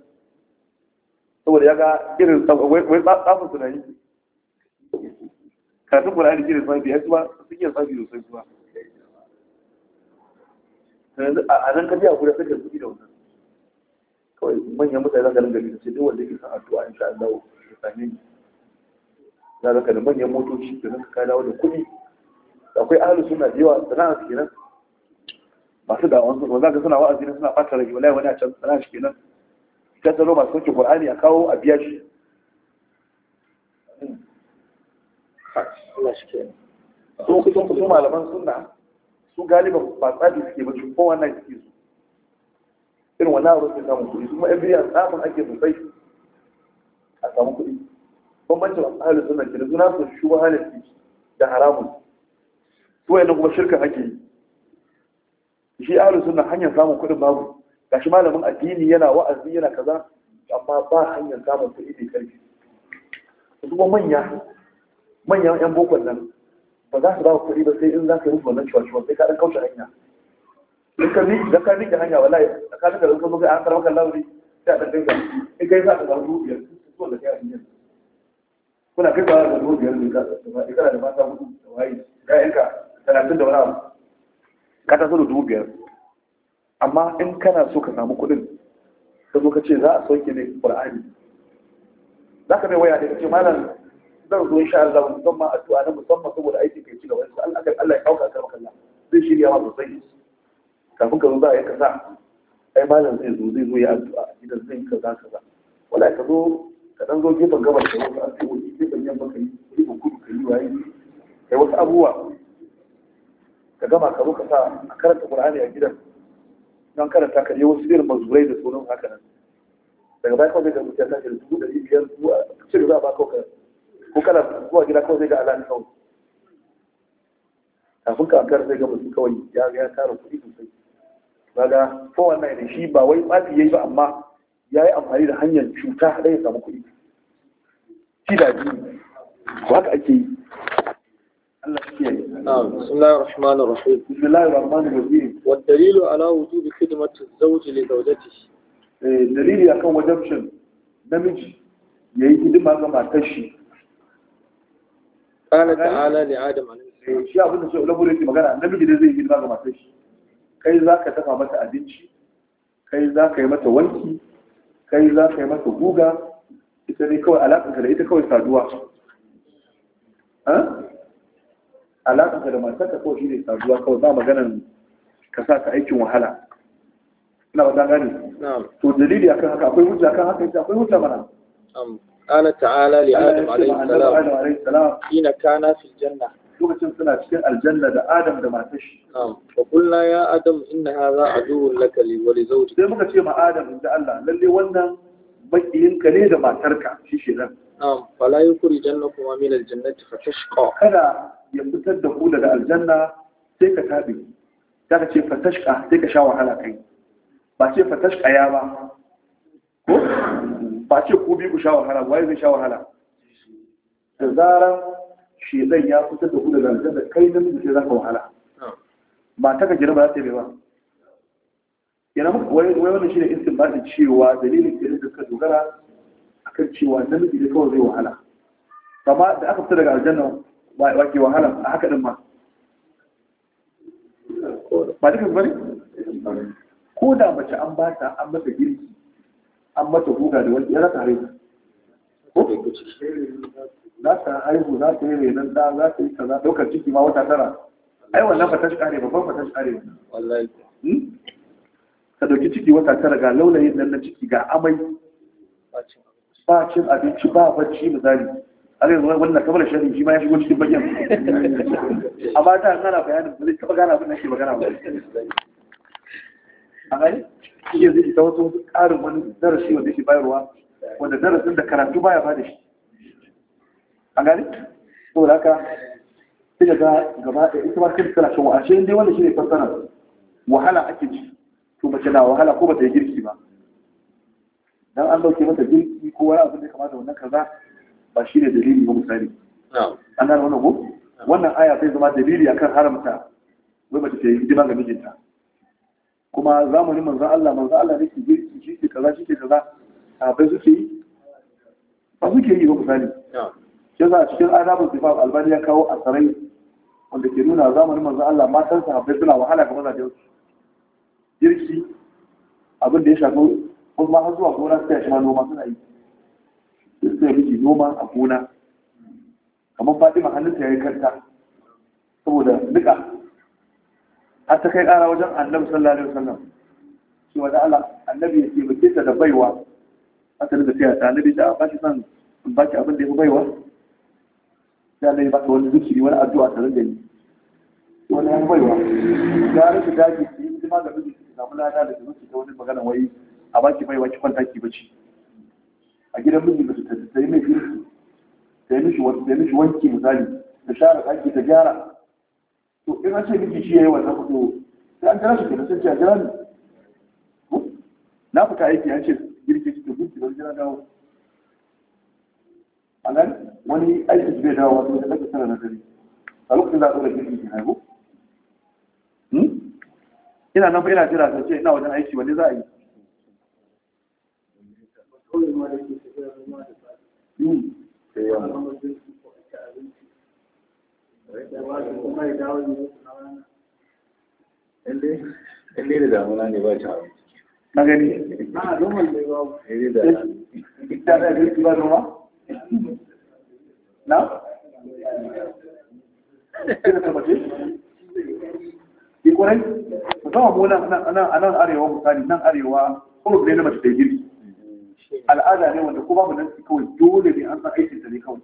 saboda ya ga irin wai tsafin su na yi karatun Qur'ani irin sai biyar su ba sun yi sabi biyar su ba a nan ka a guda sai ka zuki da wannan kawai manyan mutane za ka ringa da ce duk wanda ke san addu'a insha Allah ya same za ka da manyan motoci da suka kada da kuɗi akwai ahalu suna da yawa sana'a su kenan masu dawon su za ka suna wa'azi na suna fata rage wallahi wani a can sana'a shi kenan ta tsaro masu sauke qur'ani a kawo a biya shi su kusan kusan malaman suna su galiban ba tsafi suke ba cikin kowanne suke su irin wannan abin sai samun kuɗi su ma yan biya tsafin ake sosai samu kuɗi bambancin ahalin suna ke da suna su shubu halin da haramun su wayannan kuma shirka ake yi shi ahalin suna hanyar samun kuɗin babu gashi malamin addini yana wa'azi yana kaza amma ba hanyar samun kuɗi mai karfi su kuma manya manyan yan bokon nan ba za su ba kuɗi ba sai in za ka yi wannan ciwaciwa sai ka ɗan kauce hanya in ka rike da ka rike hanya wallahi tsakanin da zan ka zo kai an karɓar kan lauri sai a ɗan dinga in kai za ka zama biyar zuwa kai a injin kuna kai ba da dubu biyar ne ka da mata hudu da waye ra'ayinka talatin da wani abu ka taso da dubu biyar amma in kana so ka samu kuɗin ka zo ka ce za a sauke ne ƙur'ani za ka mai waya da ka ce malam zan zo insha Allah mu zama addu'a na musamman saboda aiki kai ci gaba in Allah Allah ya auka ka makalla zai shirya ma sosai kafin ka zo za a yi kasa ai malam zai zo zai zo ya addu'a idan zai kaza kaza wala ka zo Kaɗan zo gefen gabar da wasu asibobi gefen yamma ka yi gefen kudu ka yi waye ka yi wasu abubuwa ka gama ka zo ka sa a karanta qur'ani a gidan don karanta ka je wasu irin mazurai da sauran haka nan daga baya kawai ga mutum ya tashi dubu ɗari biyar dubu a cire za a ba kawai ko kana zuwa gida kawai zai ga alani kawai kafin ka ankar zai ga mutum kawai ya ya tara kuɗi sosai Ba ga 419 ne shi ba wai ya yi ba amma ya yi amfani da hanyar cuta da ya samu kuɗi shi da ji ko haka ake yi Allah shi ke yi bismillahir rahmanir wa dalilu ala eh, dalili akan namiji ga قال تعالى لآدم شيء أبو نسوء لابو لك مغانا النبي جدا زي يجي دماغ ما تشي كي ذاك تفع متى أدنشي kai za ka yi mata wanki kai za ka yi masa guga ita ne kawai alaƙanka da ita kawai saduwa alaƙanka da matarka kawai shi ne saduwa kawai ba maganan ka sa ta aikin wahala ina wata gani to dalili akan haka akwai hujja kan haka ita akwai hujja mana قال تعالى لآدم عليه السلام حين كان في الجنة lokacin suna cikin aljanna da Adam da matar shi. Wa kullna ya Adam inna hadha aduwwun laka li wa li zawjika. Sai muka ce ma Adam inda Allah lalle wannan makiyinka ne da matarka shi shedan. Na'am fala yukhrijannakum min al-jannati fatashqa. Kada ya fitar da ku daga aljanna sai ka tabe. Daga ce fatashqa sai ka sha wahala kai. Ba ce fatashqa ya ba. Ko ba ce ku bi ku sha wahala wai zai sha wahala. Da zaran. shedan ya fitar da ku daga aljanna kai da miji sai zaka wahala ba ta ka jira ba za ta yi ba yana muka wai wannan shine da cewa dalilin da suka dogara akan cewa namiji ne kawai zai wahala amma da aka fita daga aljanna ba wa ke wahala a haka din ma ba duka bane ko da mace an ba ta an mata girki an mata guga da wani ya za ta ciki za ta haihu za ta yi renon ɗa za ta yi kaza ɗaukar ciki ma wata tara ai wannan fatash ƙare babban fatash ƙare wallahi hmm? ka ɗauki ciki wata tara ga laulayin nan na ciki ga amai ba cin abinci ba bacci misali har yanzu wannan kamar shari'a shi ma ya shigo cikin bakin amma ta gana bayanin ba zai taɓa gana abin da ke magana ba a gani shi yanzu ita wasu ƙarin wani darasi wanda yake bayarwa wanda darasin da karatu baya ba da shi an gani saboda haka sai ga gaba da ita ma kanta tana shan wahala shi dai wanda shi ne fassara wahala ake ci to mace na wahala ko bata yi girki ba dan an dauke mata girki ko wani abu da kamata wannan kaza ba shi ne dalili ba misali an gane wannan ko wannan aya sai zama dalili akan haramta wai bata ta yi hidima ga mijinta kuma zamanin manzo Allah manzo Allah ne ke girki shi ke kaza shi ke kaza a bai suke yi ba suke yi ba misali shi cikin adabul sifat albani ya kawo asarai wanda ke nuna zamanin manzon Allah matan sahabbai suna wahala ga mazajen su girki abin da ya shafi wasu ma har zuwa gona sai ya ma noma suna yi suka yi miji noma a gona kamar fatima hannunta ya yi kanta saboda nika har ta kai ƙara wajen annabi sallallahu alaihi wasallam shi wani Allah annabi ya ce ba ta da baiwa aka da ta annabi da ba shi san ba ki abin da ya fi baiwa da na yi ba wani zikiri wani addu'a tare da ni wani yan baiwa ya rasa da ke yi hidima ga da ki samu lada da zuci ta wani magana wai a baki baiwa ki kwanta ki bace a gidan miji ba su ta sai mai girki sai yi mishi ta yi mishi wanki misali da share ɗaki da gyara to in an ce miji shi ya yi wannan fito sai an jira shi kenan sai ce a jira ni na fita aiki an ce girki ki ta girki don jira dawo a wani aikin su bai dawo wasu da kake tara na dare a lokacin za a girki ke haihu hmm? ina nan fa ina jira sai ina wajen aiki wani za a yi hmm. Hmm. Na gani? Na, da ba. Ita da ba na? kira ta mace? ke kwarai? musamman mu nan arewa misali nan arewa kuma ne na mace da girki al'ada ne wanda ko mu nan kawai dole ne an san aikin ta ne kawai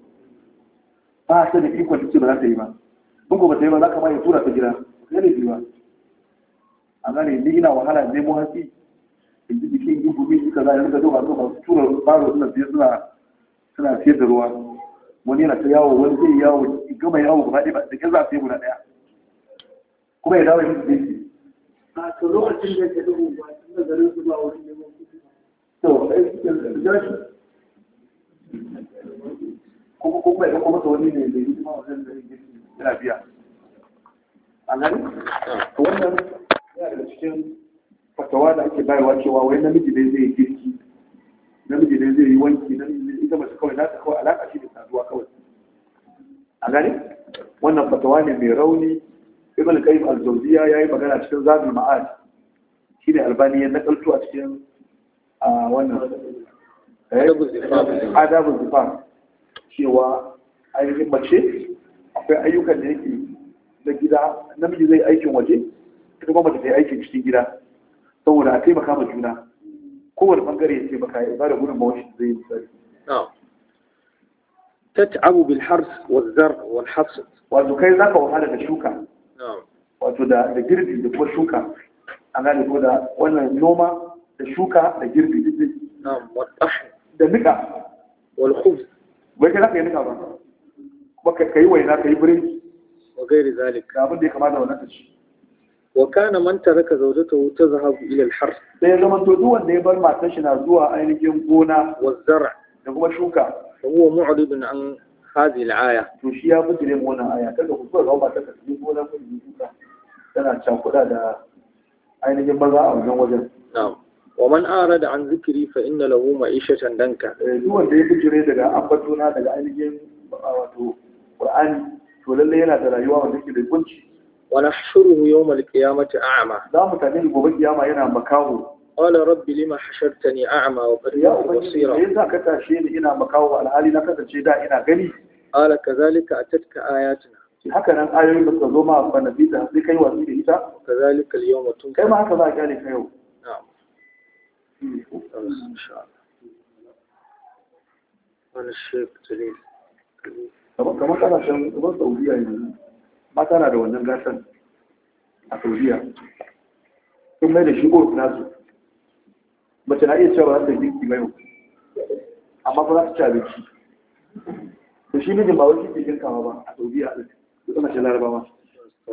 ba a da ikon ta ce ba za ta yi ba in ko ba ta yi ba za ka ma ya tura ta gida ba ne biyu ba a gane ni ina wahala nemo hatsi in ji jikin yi gumi ka za a yi rika zuwa zuwa tura baro suna biyu suna suna fiye da ruwa wani yana ta yawo wani zai yawo gama yawo ba ɗaya ba da ƙasa guda ɗaya kuma ya dawo yin zai ba to lokacin da ya ba cikin da kuma kuma wani ne zai zai a nan cikin fatawa da ake bayarwa cewa wai namiji ne zai girki namiji ne zai yi wanki nan ita mace kawai nata kawai alaƙa shi da saduwa kawai a gani wannan fatawa ne mai rauni ibn qayyim al-jawziya yayi magana cikin zadul ma'ad shine albani ya nakalto a cikin a wannan eh? adabu zifaf cewa ainihin mace akwai ayyukan da yake na gida namiji zai aikin waje ita kuma mace ta yi aikin cikin gida saboda a taimaka ma juna kowane bangare ya ba maka ya bada gudun mawashi zai yi misali tat'abu bil hars wa zar wal hasad wato kai zaka wahala da shuka wato da da girbi da kuma shuka an gane ko da wannan noma da shuka da girbi duk na'am wa da nika wal khubz wai kai zaka yi nika ba kuma kai waina kai birni wa gairi zalika abin da ya kamata wannan ta ci wa kana man taraka ta tazhabu ila al-har sai zaman ya bar matar na zuwa ainihin gona wa zar'a da kuma shuka fa huwa an hadhihi al-aya ya fitu ne wannan aya kada ku zuwa ba ta tafi gona ko shuka tana can da ainihin maza a wajen wajen na'am wa man an zikiri fa inna lahu ma'ishatan danka eh, duk wanda ya bijire daga ambatona daga ainihin to yana da rayuwa wanda ونحشره يوم القيامة أعمى دام تعليل قبل قيامة ينا مكاو قال رب لما حشرتني أعمى وقد كنت بصيرا إذا كتاشيني إنا مكاو على هالي نكتا شيدا إنا غني قال كذلك أتتك آياتنا haka nan ayoyi ba su zo ma ba na bita sai kai wasu da ita kazalika al-yawma tun kai ma haka za ka ne yau na'am insha Allah wani shek tare kamar kamar kasashen kamar Saudiya ne mata na da wannan gasan a saudiya sun mai da shi na su. mace na iya cewa za ta yi girki mai amma ba za su ci abinci to shi mijin ba wani cikin kama ba a saudiya a duk mace larabawa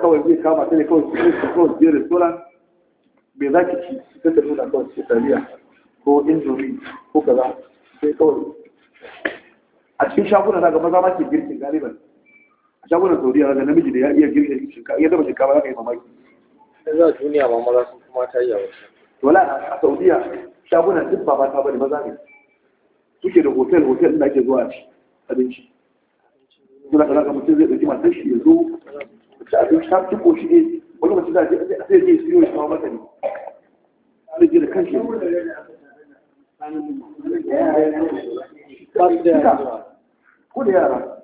kawai zai kama ta ne kawai su ne kawai biyar da restaurant me za ki ci su ta nuna kawai su italiya ko indomi ko kaza sai kawai a cikin shaguna na ga maza ma ke girkin galiban a shagunan saudiya da namiji da ya iya girka shinkafa ya zama shinkafa za ka yi mamaki da za duniya ma maza sun kuma ta yi a wasu wala a saudiya shagunan duk ba mata bane maza ne suke da hotel hotel da ake zuwa ci abinci suna kana ga mutum zai ɗauki matar shi ya zo ta abinci ta fi koshi ne wani mace za a zai je siyo shi ma mata ne zai je da kanshi ko da yara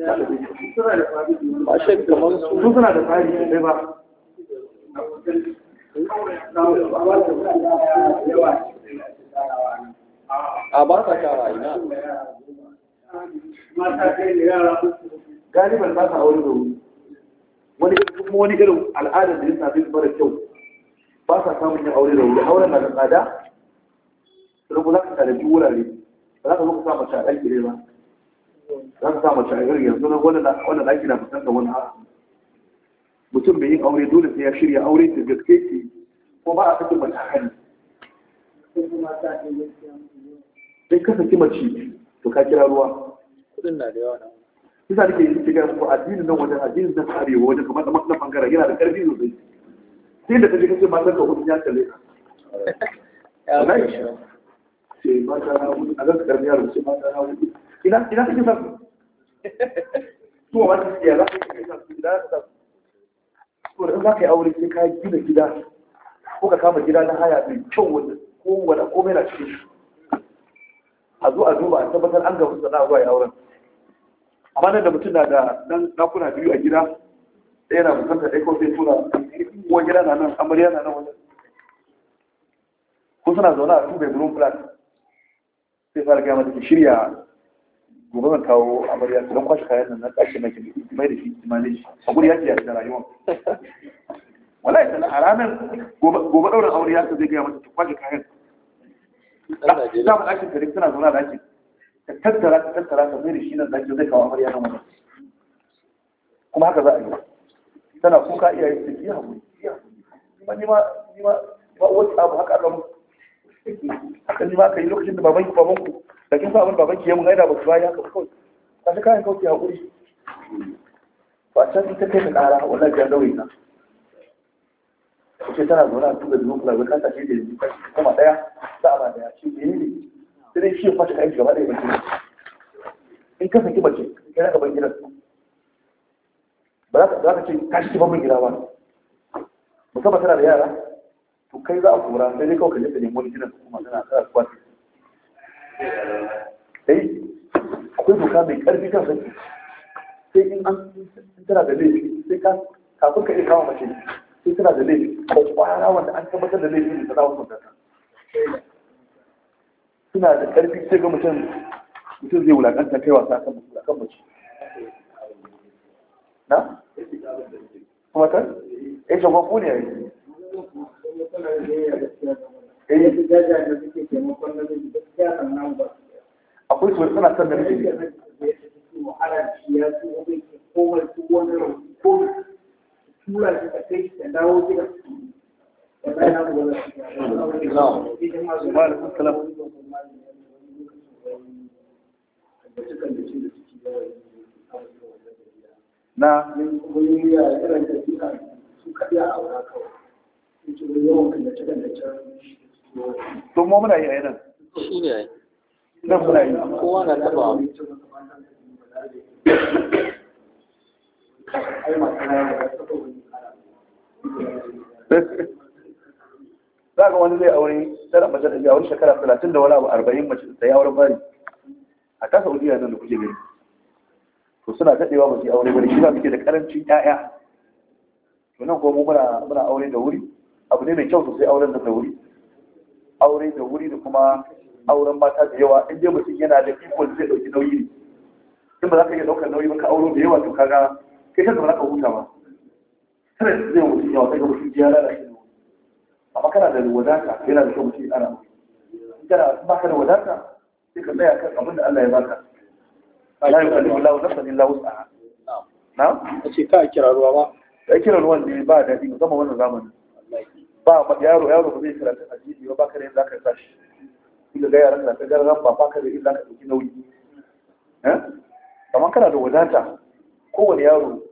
ba shek suna da ba a ba sa kara ina galiban ba sa wani da wani wani irin al'adar da ya sabi mara kyau ba sa samun yin aure da wuri auren na da tsada rubu za ka tare wurare ba za ka zo ka a ɗan gire ba za su sa mace a irin yanzu wannan ɗaki na fuskantar wani haka mutum mai yin aure dole sai ya shirya aure da gaske ke ko ba a sakin mace hari. sai ka saki mace to ka kira ruwa kudin na da yawa na kisa da ke yi shiga ko addinin nan wajen addinin nan arewa wajen kamar da matsalan bangaren yana da ƙarfi sosai sai da ta je kace matar ka hudu ya kalle ka a zan karbi yaro sai mata na hudu Ina idan kake san su wa wani gaskiya za ka yi san su idan su to da za ka yi aure sai ka gina gida ko ka kama gida na haya mai kyau wanda ko wanda komai na cikin shi a zo a duba a tabbatar an gaba sana'a zuwa ya auren amma nan da mutum na da dan dakuna biyu a gida ɗaya na musamman ɗaya kawai sai tura uwa gida na nan amarya na nan wajen ko suna zaune a tubai gurin flat sai fara gaya mata shirya gobe zan kawo amarya don kwashe kayan nan na ƙarshe na ki mai da shi imanin shi a guri yaki yaki da rayuwa Wala sana a ranar gobe ɗaurin aure ya zai gaya mata ta kwashe kayan ta fa ɗakin kare tana zaune zauna ɗakin ta tattara ta tattara ta mai da shi nan ɗakin zai kawo amarya nan wannan kuma haka za a yi tana kuka iyaye su ki haƙuri ni ma ni ma ba wata abu haka aka mu haka ni ma ka yi lokacin da babanku babanku da kin sa abin baban ki mun aida ba ki ya ka kawai ka shi kayan kawai hakuri ba can ita kai ta ƙara wallahi ya daure ta ce tana zaune a tuga zuwa kula ka tashi da yanzu kuma ɗaya za a ba daya shi ne ne sai dai shi ya kwashe kayan gaba ɗaya bace in ka saki bace kai na ka bar gidan ba za ka ce ka shi ban gida ba musamman tana da yara to kai za a kora sai dai kawai ka je ka nemi wani gidan kuma tana tana kwashe eh akwai doka mai karfi kan saki sai in an tana da laifi sai ka kafin ka iya kama mace sai tana da laifi ko kwara wanda an tabbatar da laifi ne ta dawo mutunta suna da karfi sai ga mutum mutum zai wulakanta kai wasa kan kan mace na kuma kan eh shagon ne yi. sai yake jajayen da suke taimakon na miji gaskiya kan ba su akwai su suna son da miji wahala shi ya su wani komai su wani rauni ko tura shi ka kai shi dawo gida da bayan nan ba za su yi ba da kuskala na su kaɗi a aura kawai yawan kallace-kallacen to mu muna yi a yanar shi ne nan muna yi kowa na taba za ga wani zai aure tara mace da ya aure shekara talatin da wani abu arba'in mace da ya aure bari a ta saudiya nan da kuke gani to suna daɗewa ba su yi aure shi ba suke da ƙarancin 'ya'ya to nan kuma muna aure da wuri abu ne mai kyau sosai auren da wuri aure da wuri da kuma auren mata da yawa in dai mutum yana da ikon zai ɗauki nauyi ne in ba za ka iya daukar nauyi ba ka auro da yawa to kaga kai kanka ba za ka huta ba stress zai mutum yawa kai ga mutum ya lalace da amma kana da wadata yana da kyau mutum ana in kana ba ka da wadata sai ka tsaya kan abin da Allah ya baka la yukallifu Allahu nafsan illa wus'aha na'am ce ka kira ruwa ba ka kira ruwan ne ba daɗi musamman wannan zamanin ba yaro yaro ba zai karanta addini ba ka da yin zaka sa shi kila ga yaran da kagar ran ba baka da yin zaka dauki nauyi eh kamar kana da wadata kowane yaro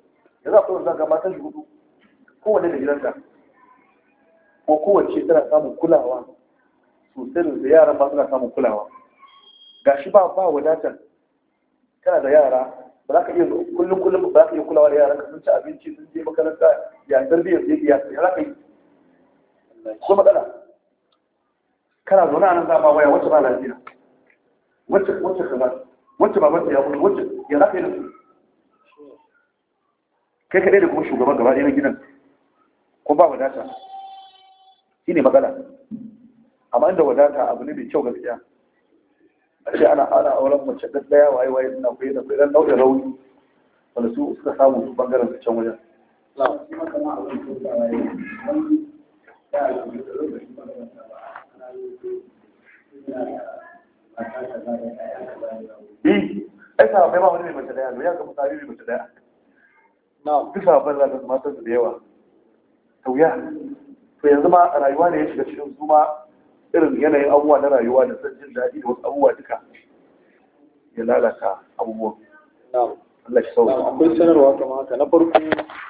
ya za ku zaka matan shi hudu kowane da gidanta ko kowace tana samun kulawa sosai da yaran ba suna samun kulawa gashi ba ba wadatar kana da yara ba za ka iya kullum kullum ba za ka iya kulawa da yaran ka sun ci abinci sun je makaranta ya tarbiyyar ya ya za ka yi ko matsala kana zaune a nan za ma waya wacce ba lafiya wacce wacce kaza wacce ba wacce ya mutu wacce ya za ka yi da su kai kaɗai da kuma shugaban gaba ɗaya na gidan ko ba wadata shi ne magana amma inda wadata abu ne mai kyau gaskiya Ashe ana ana auren mace ɗaya waye waye suna kwaye da kwaye ɗauke rauni wanda su suka samu su ɓangaren su can wajen. Eh, ai sahabbai ba wani mai mace daya ya kama sahabi mai daya na duk sahabban za su matan su da yawa ta wuya to yanzu ma rayuwa ne ya shiga cikin su ma irin yanayin abubuwa na rayuwa da son jin daɗi da wasu abubuwa duka ya lalata abubuwan Allah shi sauka akwai sanarwa kamar haka na farko